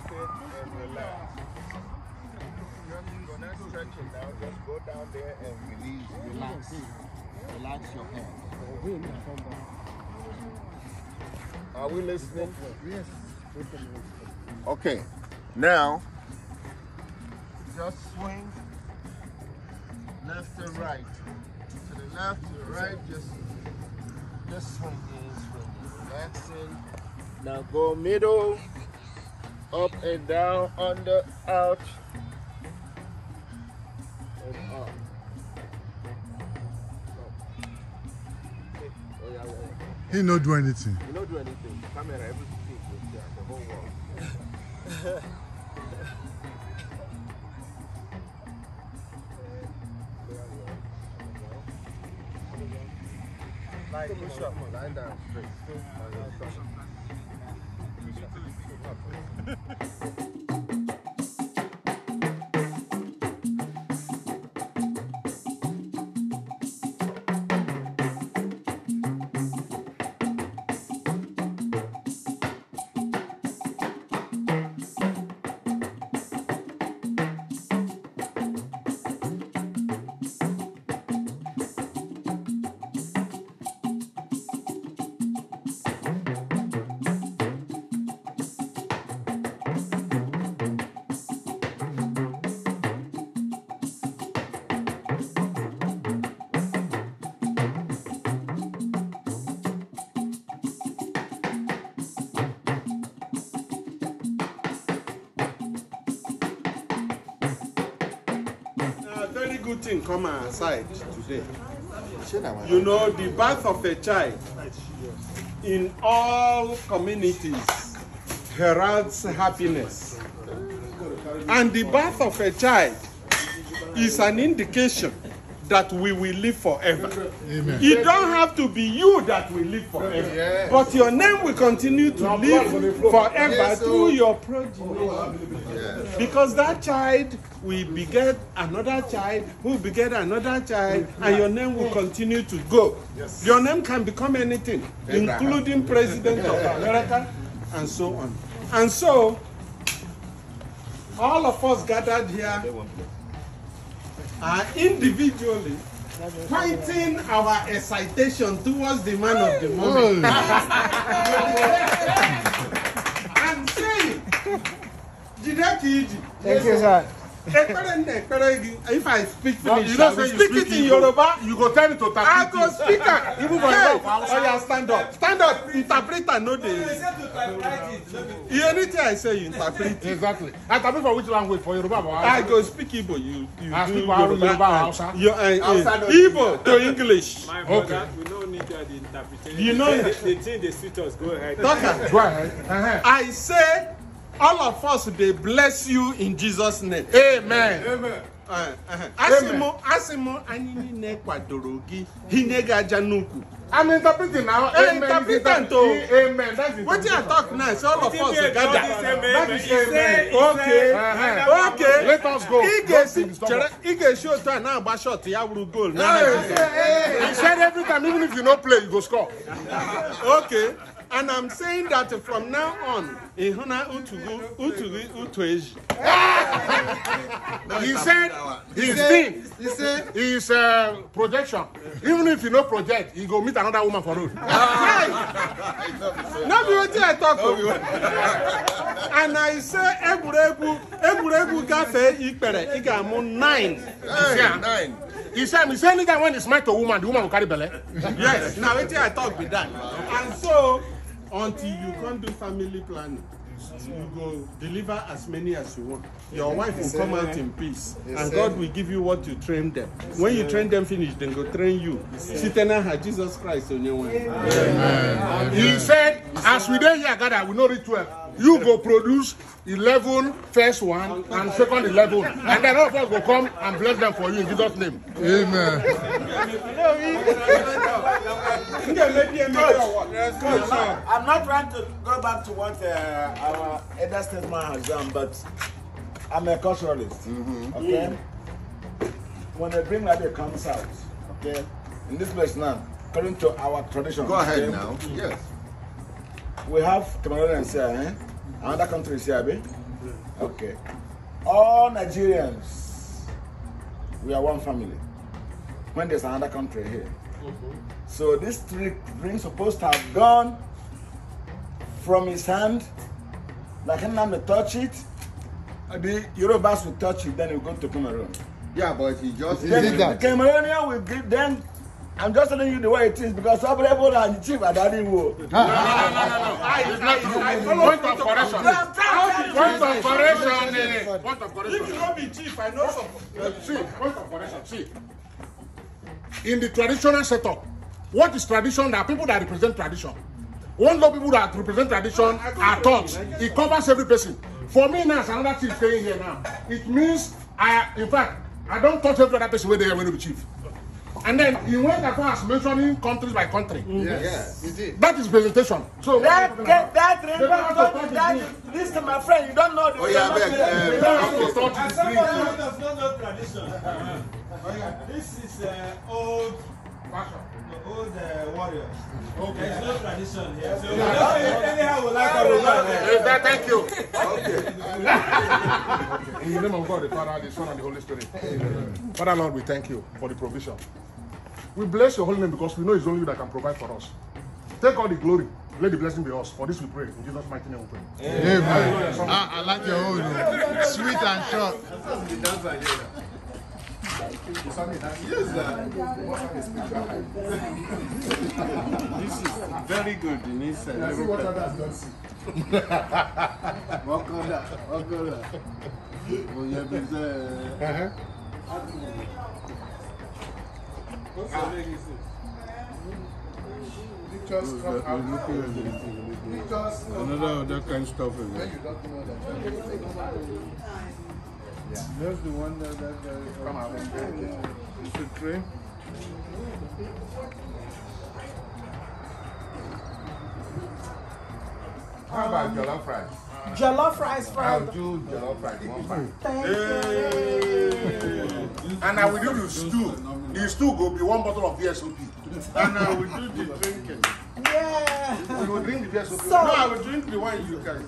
drop it and relax. Just, you're not stretching now, just go down there and release, relax. Relax your hand. Are we listening? Yes. Okay, now, just swing left and right. To the left, to the right, just, just swing in, swing in, relaxing. Now go middle up and down, under, out, and up. Oh, he not do anything. He not do anything. Camera, everything is there, the whole world. Line down, straight. Wow, good thing come aside today. You know, the birth of a child in all communities heralds happiness. And the birth of a child is an indication that we will live forever. Amen. It don't have to be you that will live forever, yes. but your name will continue to live forever yes, so. through oh. your progeny. Yes. Because that child will beget another child, who beget another child, and your name will continue to go. Your name can become anything, including President of America, and so on. And so, all of us gathered here are uh, individually pointing our excitation towards the man of the moment. and saying, Jide Kiji. Thank you, sir ekpere nna ekpere gị if i speak finish you know say you speak it in yoruba you go turn me to interpret i go speak am even for yoruba oya oh, stand up stand up interpreter no dey you anything i say you interpret exactly i interpret for which language for yoruba or hausa i go speak igbo you you I do yoruba and hausa your uh, uh, igbo to english okay. we no need that interpretation you know the, the thing dey sweet us go ahead doctor go ahead uh-huh. i say all of us dey bless you in jesus name amen. amen. Uh-huh. Asimu Asimu anyị niile kwadoro gị hinye gị aja n'ukwu. I'm interpreting now. Hey, amen. Interpretant, oh. Amen. What you are talking now? So all of us together. That is amen. Okay. Uh-huh. Okay. Let us go. He gets He gets show time now. But shot. He will goal. Now. He said every time, even if you no play, you go score. Okay. And I'm saying that from now on, Ihuna Utugu, Utugu, Utueji. He said, his name, he said, his uh, projection. Even if you no project, he go meet another woman for road. Ah. No be wetin I talk o. And I say egwuregwu egwuregwu gafee ikpere ị ga-amụ nine. Nine. He said, he said anytime when he smite a woman, the woman go carry belle. Yes, na wetin I talk with that. And so until you come do family planning you go deliver as many as you want your wife will come out in peace and god will give you what you train them when you train them finish dem go train you site na her jesus christ onyewe. he said as we dey here gather we no reach twelve you go produce 11 first one and second 11 and then all of us go come and bless them for you in jesus name. amen. coach, coach, i'm not trying to go back to what uh, our elder statesman has done but i'm a culturalist. Mm -hmm. okay mm. when a dream like comes out okay in this place now according to our tradition. go ahead okay? now yes. we have Cameroonians here, eh? Another countries here, eh? Okay. All Nigerians, we are one family. When there's another country here. Mm -hmm. So this trick ring supposed to have gone from his hand. Like him to touch it. The Yorubas will touch it, then we will go to Cameroon. Yeah, but he just then, did that. The Cameroonian will give, them. I'm just telling you the way it is because some people are cheap and I didn't work. No, no, no, no, no. I, I, I follow point of correction. Point of correction. Point of correction. If you don't be cheap, I know some. See, point of correction. See, in the traditional setup, what is tradition? There are people that represent tradition. One lot of people that represent tradition are thoughts. It covers every person. For me now, it's another chief staying here now. It means I, in fact, I don't touch every other person where they are going to be chief. And then he went across mentioning countries by country. Mm. Yes. Yeah, he That is presentation. So that that, that remember that is, this is my friend. You don't know the. Oh yeah, I beg. Uh, you don't have to start Someone does not know tradition. Uh-huh. Uh, oh, yeah. This is uh, old fashion. old uh, warriors. Okay. There's no tradition here. So yeah. anyhow we like our Thank you. Okay. In the name of God, the Father, the Son, and the Holy Spirit. Amen. Father Lord, we thank you for the provision. We bless your holy name because we know it's only you that can provide for us. Take all the glory. Let the blessing be us. For this we pray. In Jesus' mighty name we pray. Amen. Amen. I, ah, I, like your holy name. Sweet and short. this is very good in this sense. See what others don't see. Welcome, welcome. Well, you have been there. What's your name? You just out. just Another kind of stuff. You don't know that. Yeah. That's the one that that guy come out. It's a train. How about jollof rice? Jollof rice fried. I'll do jollof rice one bag. Thank hey. you. And I will do the stew. The stew go be one bottle of VSOP. and I will do the drinking. Yeah. You will drink the VSOP. So, no, I will drink the one you guys.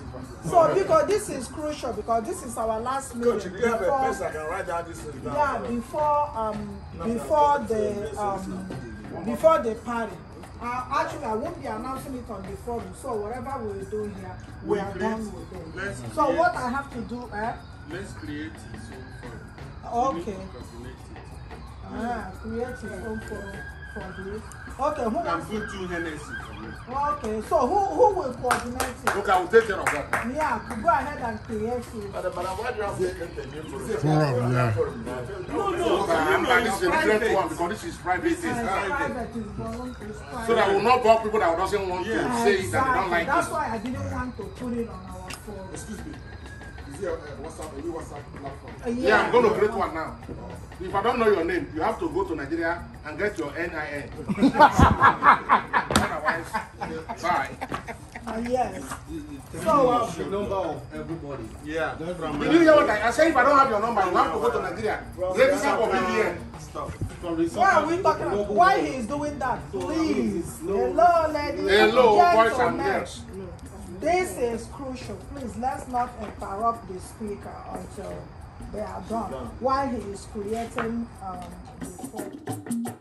So because this is crucial because this is our last meeting. Coach, you have a place I can write down this down. Yeah, before um before the um before the party. Uh, actually, I won't be announcing it on the forum. So whatever we do here, we, we are create, done with it. so what I have to do, eh? Let's create his own forum. Okay. Ah, create his own forum for this. Okay, who can put two Hennessy for me? Okay, so who who will coordinate it? Look, I will take care of that. Yeah, go ahead and create it. But, but I want you to take care of for the forum? Yeah no, I'm this is private. So that will not bore people that doesn't want yeah. to say exactly. that they don't like That's it. That's why I didn't want to put it on our phone. Excuse me. Is there uh, a WhatsApp, a new WhatsApp platform? Uh, yeah. yeah, I'm going to create one now. If I don't know your name, you have to go to Nigeria and get your NIN. as uh, yes. So, uh, um, the number of everybody. Yeah. you hear what? I, say if I don't have your number, I have to go to Nigeria. Let me up over here. Stop. Why are we talking about why he is doing that? Please. Hello, ladies. Hello, boys and girls. This is crucial. Please, let's not interrupt the speaker until they are done while he is creating um, the